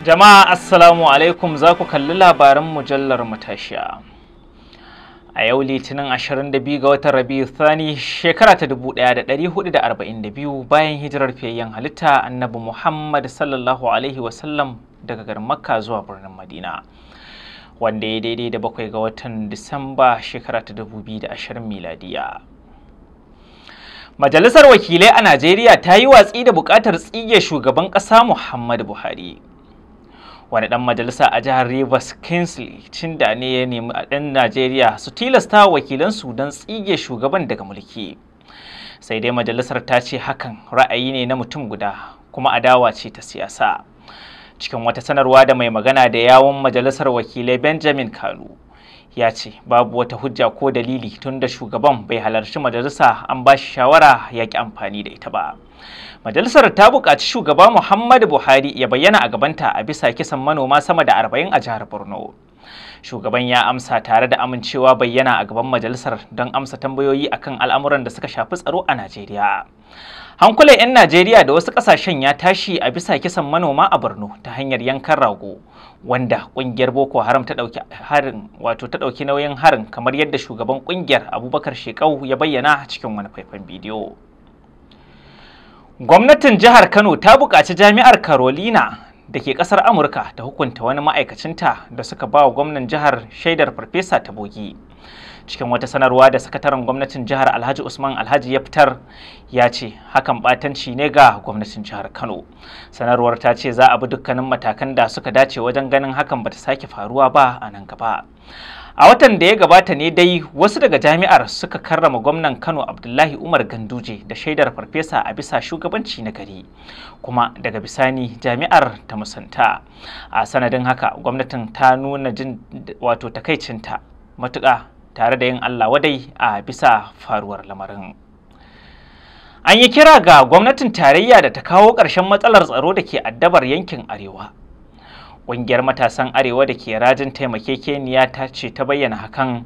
Jama'a Assalamu alaikum za ku kalli labaran mujallar matashiya. A yau Litinin 22 ga watan Rabiu Thani shekara ta 1442 bayan hijirar fiyayyen halitta Annabi Muhammad sallallahu alaihi wasallam daga garin Makka zuwa birnin Madina. Wanda ya daidai da bakwai ga watan Disamba shekara ta 2020 miladiya. Majalisar wakilai a Najeriya ta yi watsi da buƙatar tsige shugaban ƙasa Muhammadu Buhari. wani dan majalisa a jihar Rivers Kingsley Cinda ne ya nemi a ɗan Najeriya su tilasta wakilan su don tsige shugaban daga mulki. Sai dai majalisar ta ce hakan ra'ayi ne na mutum guda kuma adawa ce ta siyasa. Cikin wata sanarwa da mai magana da yawon majalisar wakilai Benjamin Kalu ya ce babu wata hujja ko dalili tun da shugaban bai halarci majalisa an ba shi shawara ya ki amfani da ita ba majalisar ta buƙaci shugaba muhammadu buhari ya bayyana a gabanta a bisa kisan manoma sama da arba'in a jihar borno shugaban ya amsa tare da amincewa bayyana a gaban majalisar don amsa tambayoyi akan al'amuran da suka shafi tsaro a najeriya hankulan 'yan najeriya da wasu kasashen ya tashi a bisa kisan manoma a borno ta hanyar yankan rago wanda kungiyar boko haram ta dauki harin wato ta dauki nauyin harin kamar yadda shugaban kungiyar abubakar shekau ya bayyana cikin wani faifan bidiyo gwamnatin jihar kano ta buƙaci jami'ar carolina da ke kasar amurka ta hukunta wani ma'aikacinta da suka ba wa gwamnan jihar shaidar farfesa ta bogi cikin wata sanarwa da sakataren gwamnatin jihar alhaji usman alhaji ya fitar ya ce hakan batanci ne ga gwamnatin jihar kano sanarwar ta ce za a bi dukkanin matakan da suka dace wajen ganin hakan bata sake faruwa ba a nan gaba a watan da ya gabata ne dai wasu daga jami'ar suka karrama gwamnan kano abdullahi umar ganduje da shaidar farfesa a bisa shugabanci na gari kuma daga bisani jami'ar ta musanta a sanadin haka gwamnatin ta nuna jin wato takaicinta matuƙa tare da yin allah wadai a bisa faruwar lamarin an yi kira ga gwamnatin tarayya da ta kawo ƙarshen matsalar tsaro da ke addabar yankin arewa Ƙungiyar matasan Arewa da ke rajin taimakekeniya ta ce ta bayyana hakan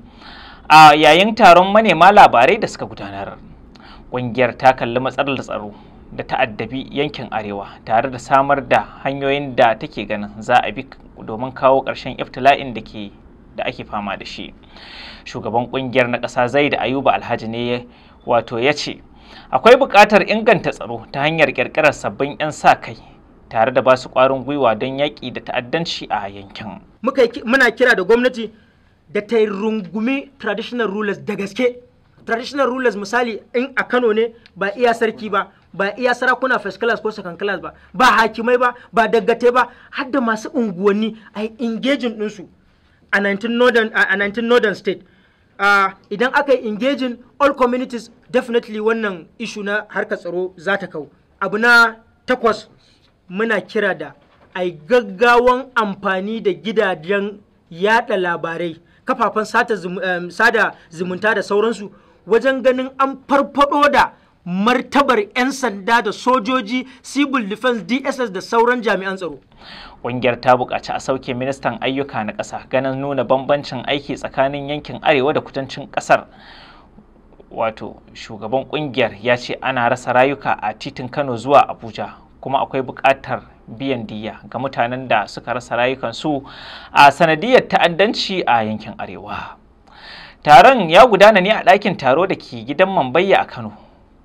a yayin taron manema labarai da suka gudanar. Ƙungiyar ta kalli matsalar tsaro da ta'addabi yankin Arewa tare da samar da hanyoyin da take ganin za a bi domin kawo ƙarshen iftila'in da ke da ake fama da shi. Shugaban ƙungiyar na ƙasa zai da Ayuba Alhaji ne wato ya ce akwai buƙatar inganta tsaro ta hanyar ƙirƙirar sabbin 'yan sa kai tare da basu kwarin gwiwa don yaƙi da ta'addanci a yankin. Muna kira da gwamnati da ta yi rungumi traditional rulers da gaske. Traditional rulers misali in a Kano ne ba iya sarki ba, ba iya sarakuna first class ko second class ba, ba hakimai ba, ba daggate ba, har da masu unguwanni a yi engaging ɗinsu a 19 Northern State. Idan aka yi engaging all communities definitely wannan ishu na harkar tsaro za ta kau. Abu na takwas muna kira da ai gaggawan amfani da gidajen yada labarai kafafen sada zumunta da sauransu wajen ganin an farfado da martabar 'yan sanda da sojoji civil defense dss da sauran jami'an tsaro ƙungiyar ta buƙaci a sauke ministan ayyuka na ƙasa ganin nuna bambancin aiki tsakanin yankin arewa da kudancin ƙasar wato shugaban ƙungiyar ya ce ana rasa rayuka a titin kano zuwa abuja kuma akwai buƙatar biyan diya ga mutanen da suka rasa rayukansu a sanadiyar ta'addanci a yankin arewa taron ya gudana ne a ɗakin taro da ke gidan mambayya a kano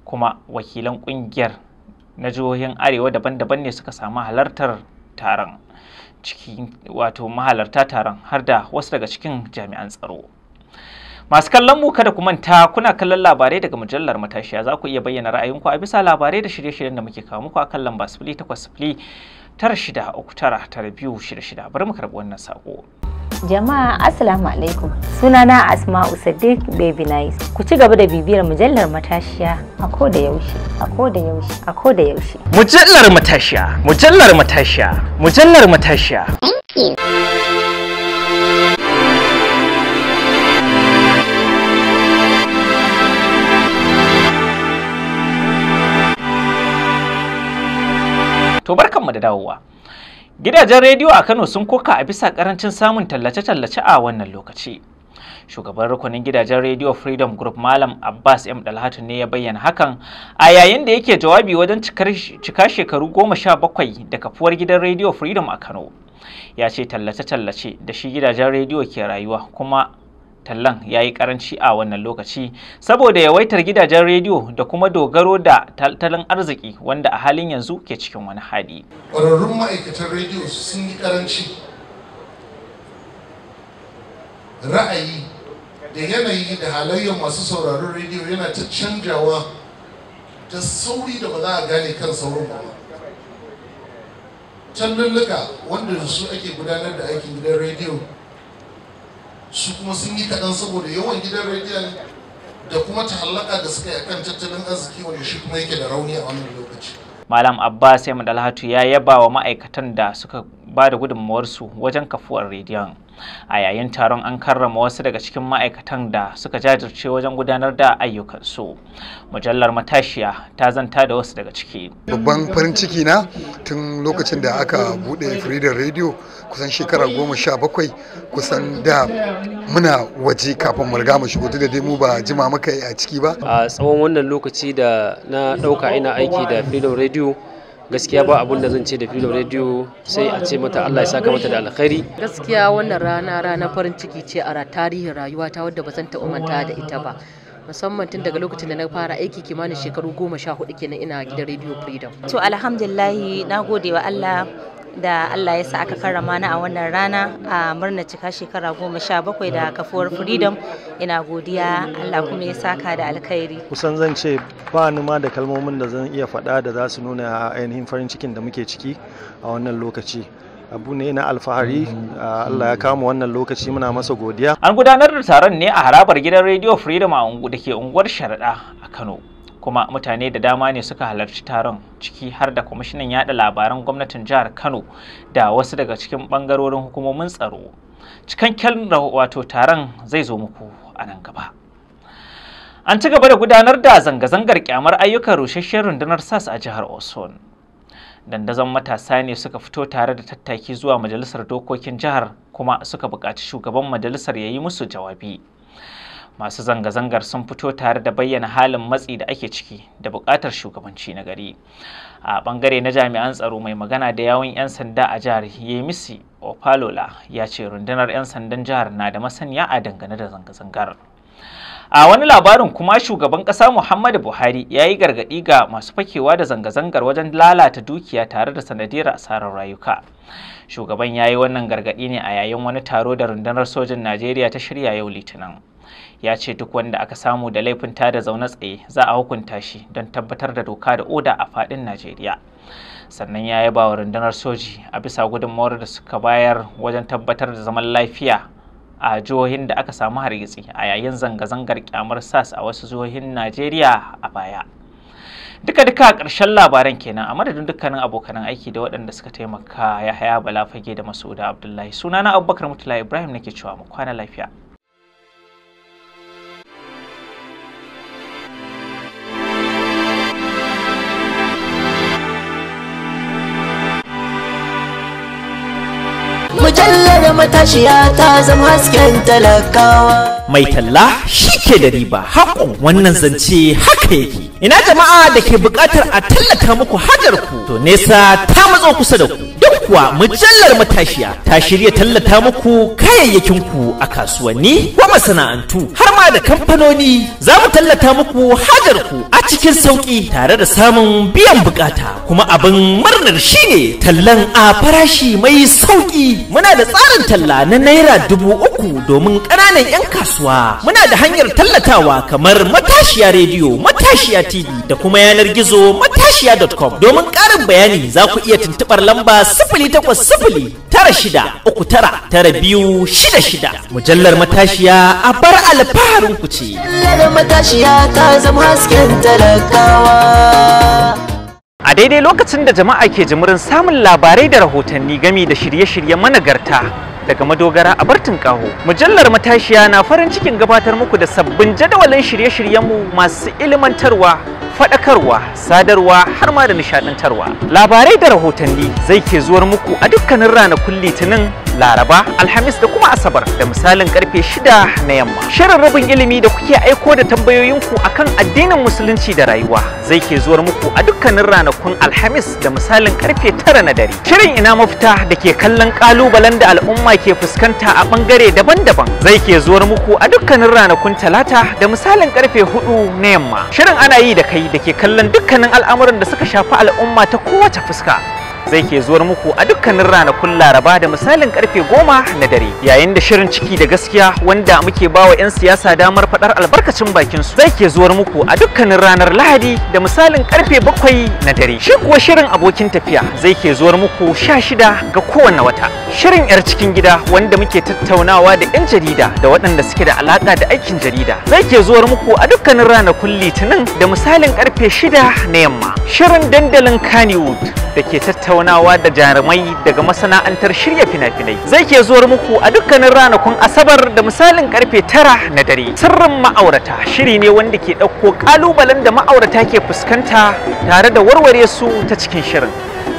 kuma wakilan ƙungiyar na jihohin arewa daban-daban ne suka samu halartar taron ciki wato mahalarta taron har da wasu daga cikin jami'an tsaro Masu kallon mu kada ku manta kuna kallon labarai daga mujallar matashiya za ku iya bayyana ra'ayinku a bisa labarai da shirye-shiryen da muke kawo muku a kan lamba sifili takwas sifili tara shida uku tara tara biyu shida shida bari mu karɓi wannan saƙo. Jama'a Assalamu alaikum sunana Asma'u Sadiq Baby Nice ku ci gaba da bibiyar mujallar matashiya a ko da yaushe a ko da yaushe a ko da yaushe. Mujallar matashiya mujallar matashiya mujallar matashiya. Thank you. To barkanmu da dawowa. Gidajen rediyo a Kano sun koka a bisa karancin samun tallace-tallace a wannan lokaci. Shugaban rukunin gidajen rediyo Freedom Group Malam Abbas M. Dalhatu ne ya bayyana hakan a yayin da yake jawabi wajen cika shekaru goma sha bakwai da kafuwar gidan rediyo Freedom a Kano. Ya ce tallace-tallace da shi gidajen rediyo ke rayuwa kuma tallan ya yi karanci a wannan lokaci saboda yawaitar gidajen rediyo da kuma dogaro da tattalin arziki wanda a halin yanzu ke cikin wani hali. ƙwararrun ma'aikatan rediyo sun yi karanci ra'ayi da yanayi da halayyar masu sauraron rediyo yana ta canjawa da sauri da ba za a gane kan sauran ba can lulluka wanda su ake gudanar da aikin gidan rediyo su kuma sun yi kaɗan saboda yawan gidan rediyon da kuma tahallaka da suka yi kan tattalin arziki wanda shi kuma yake da rauni a wannan lokaci. Malam Abbas Yamma Dalhatu ya yaba wa ma'aikatan da suka ba da gudunmawarsu wajen kafuwar rediyon. A yayin taron an karrama wasu daga cikin ma'aikatan da suka jajirce wajen gudanar da ayyukansu. Mujallar Matashiya ta zanta da wasu daga ciki. Babban farin ciki na tun lokacin da aka buɗe Freedom Radio kusan shekara goma sha bakwai kusan da muna waje kafin mu riga mu shigo da dai mu ba jima maka a ciki ba a tsawon wannan lokaci da na ɗauka ina aiki da freedom radio gaskiya ba abun da zan ce da filin rediyo sai a ce mata Allah ya saka mata da alkhairi gaskiya wannan rana rana farin ciki ce a tarihin rayuwata wadda ba zan ta umanta da ita ba musamman tun daga lokacin da na fara aiki kimanin shekaru goma sha hudu kenan ina gidan radio freedom to alhamdulillahi na gode wa Allah da Allah ya sa aka karrama na a wannan rana a murnar cika shekara goma sha bakwai da kafuwar freedom ina godiya Allah kuma ya saka da alkhairi kusan zan ce ba ni ma da kalmomin da zan iya faɗa da za su nuna ainihin farin cikin da muke ciki a wannan lokaci abu ne na alfahari Allah ya kama wannan lokaci muna masa godiya an gudanar da taron ne a harabar gidan radio freedom a da ke unguwar sharaɗa a kano kuma mutane da dama ne suka halarci taron ciki har da kwamishinan yada labaran gwamnatin jihar kano da wasu daga cikin bangarorin hukumomin tsaro Cikan cikakken wato taron zai zo muku a nan gaba an ci gaba da gudanar da zanga-zangar kyamar ayyukan rusasshen rundunar sas a jihar osun dandazon matasa ne suka fito tare da tattaki zuwa majalisar dokokin jihar kuma suka buƙaci shugaban majalisar ya yi musu jawabi masu zanga-zangar sun fito tare da bayyana halin matsi da ake ciki da bukatar shugabanci na gari a bangare na jami'an tsaro mai magana da yawon 'yan sanda a jihar yemisi opalola ya ce rundunar 'yan sandan jihar na da masaniya a dangane da zanga-zangar a wani labarin kuma shugaban ƙasa muhammadu buhari ya yi gargaɗi ga masu fakewa da zanga-zangar wajen lalata dukiya tare da sanadiyar asarar rayuka shugaban ya yi wannan gargaɗi ne a yayin wani taro da rundunar sojin najeriya ta shirya yau litinin ya ce duk wanda aka samu da laifin tada zaune tsaye za a hukunta shi don tabbatar da doka da oda a fadin najeriya sannan ya yaba wa rundunar soji a bisa gudunmawar da suka bayar wajen tabbatar da zaman lafiya a jihohin da aka samu hargitsi a yayin zanga-zangar kyamar sas a wasu jihohin najeriya a baya duka duka a ƙarshen labaran kenan a madadin dukkanin abokanan aiki da waɗanda suka taimaka ya haya bala fage da masu abdullahi sunana abubakar mutula ibrahim nake cewa mu kwana lafiya matashiya ta zama hasken talakawa mai talla shi ke da riba haƙon wannan zance haka yake ina jama'a da ke buƙatar a tallata muku hajar ku to nesa ta matso kusa da ku duk kuwa mujallar matashiya ta shirya tallata muku kayayyakin ku a kasuwanni ko masana'antu har da kamfanoni za mu tallata muku hajar ku a cikin sauƙi tare da samun biyan bukata kuma abin murnar shine tallan a farashi mai sauƙi muna da tsarin talla na naira dubu uku domin ƙananan 'yan kasuwa muna da hanyar tallatawa kamar matashiya rediyo matashiya tv da kuma yanar gizo matashiya.com domin ƙarin bayani za ku iya tuntuɓar lamba sifili takwas sifili tara shida uku tara tara biyu shida shida mujallar matashiya a bar alfahari burin A daidai lokacin da jama'a ke jimurin samun labarai da rahotanni game da shirye-shirye managarta daga madogara a Bartin Kaho. Mujallar Matashiya na farin cikin gabatar muku da sabbin jadawalin shirye-shiryenmu masu ilimantarwa, faɗakarwa, sadarwa har ma da nishaɗantarwa. Labarai da rahotanni zai ke zuwar muku a dukkanin ranakun Litinin laraba alhamis da kuma asabar da misalin karfe shida na yamma shirin rabin ilimi da kuke aiko da tambayoyinku kan addinin musulunci da rayuwa zai ke zuwar muku a dukkanin ranakun alhamis da misalin karfe tara na dare shirin ina mafita da ke kallon kalubalen da al'umma ke fuskanta a bangare daban-daban zai ke zuwar muku a dukkanin ranakun talata da misalin karfe hudu na yamma shirin ana yi da kai da ke kallon dukkanin al'amuran da suka shafi al'umma ta kowace fuska zai ke zuwar muku a dukkanin ranakun laraba da misalin karfe goma na dare yayin da shirin ciki da gaskiya wanda muke bawa 'yan siyasa damar faɗar albarkacin bakin su zai ke zuwar muku a dukkanin ranar lahadi da misalin karfe bakwai na dare shi kuwa shirin abokin tafiya zai ke zuwar muku sha shida ga kowane wata shirin 'yar cikin gida wanda muke tattaunawa da 'yan jarida da waɗanda suke da alaƙa da aikin jarida zai ke zuwar muku a dukkanin ranakun litinin da misalin karfe shida na yamma shirin dandalin kannywood da ke tattaunawa tattaunawa da jarumai daga masana'antar shirya fina-finai zai ke zuwar muku a dukkanin ranakun asabar da misalin karfe tara na dare sirrin ma'aurata shiri ne wanda ke ɗauko ƙalubalen da ma'aurata ke fuskanta tare da warware su ta cikin shirin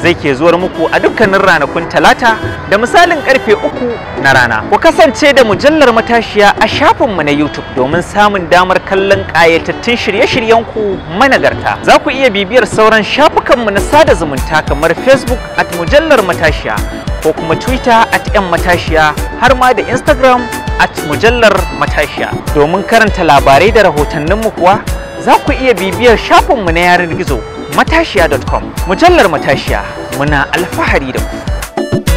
zai ke zuwar muku a dukkanin ranakun talata da misalin karfe uku na rana ku kasance da mujallar matashiya a shafinmu na youtube domin samun damar kallon ƙayatattun shirye shiryen ku managarta za ku iya bibiyar sauran shafin shafukanmu na sada zumunta kamar facebook at mujallar matashiya ko kuma twitter at 'yan matashiya har ma da instagram at mujallar matashiya domin karanta labarai da rahotanninmu kuwa za ku iya bibiyar shafinmu na yarin gizo matashiya.com mujallar matashiya muna alfahari da ku